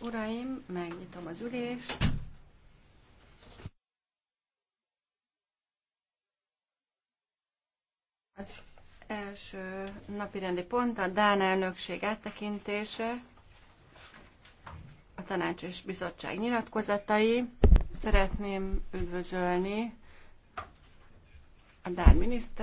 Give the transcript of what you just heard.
uraim, megnyitom az ülést. Az első napirendi pont a Dán elnökség áttekintése, a tanács és bizottság nyilatkozatai. Szeretném üdvözölni a Dán miniszter.